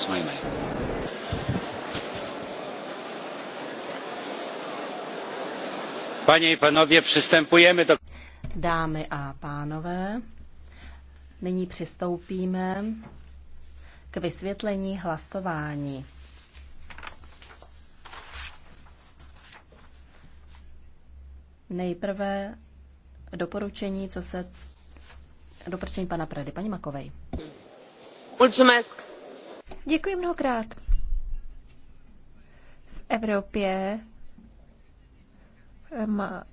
Ismaili. Paní i panowie, przystępujemy do... Dámy a pánové, nyní přistoupíme k vysvětlení hlasování. Nejprve doporučení, co se doporučení pana Predy. Paní Makovej. Mulțumesc Děkuji mnohokrát. V Evropě má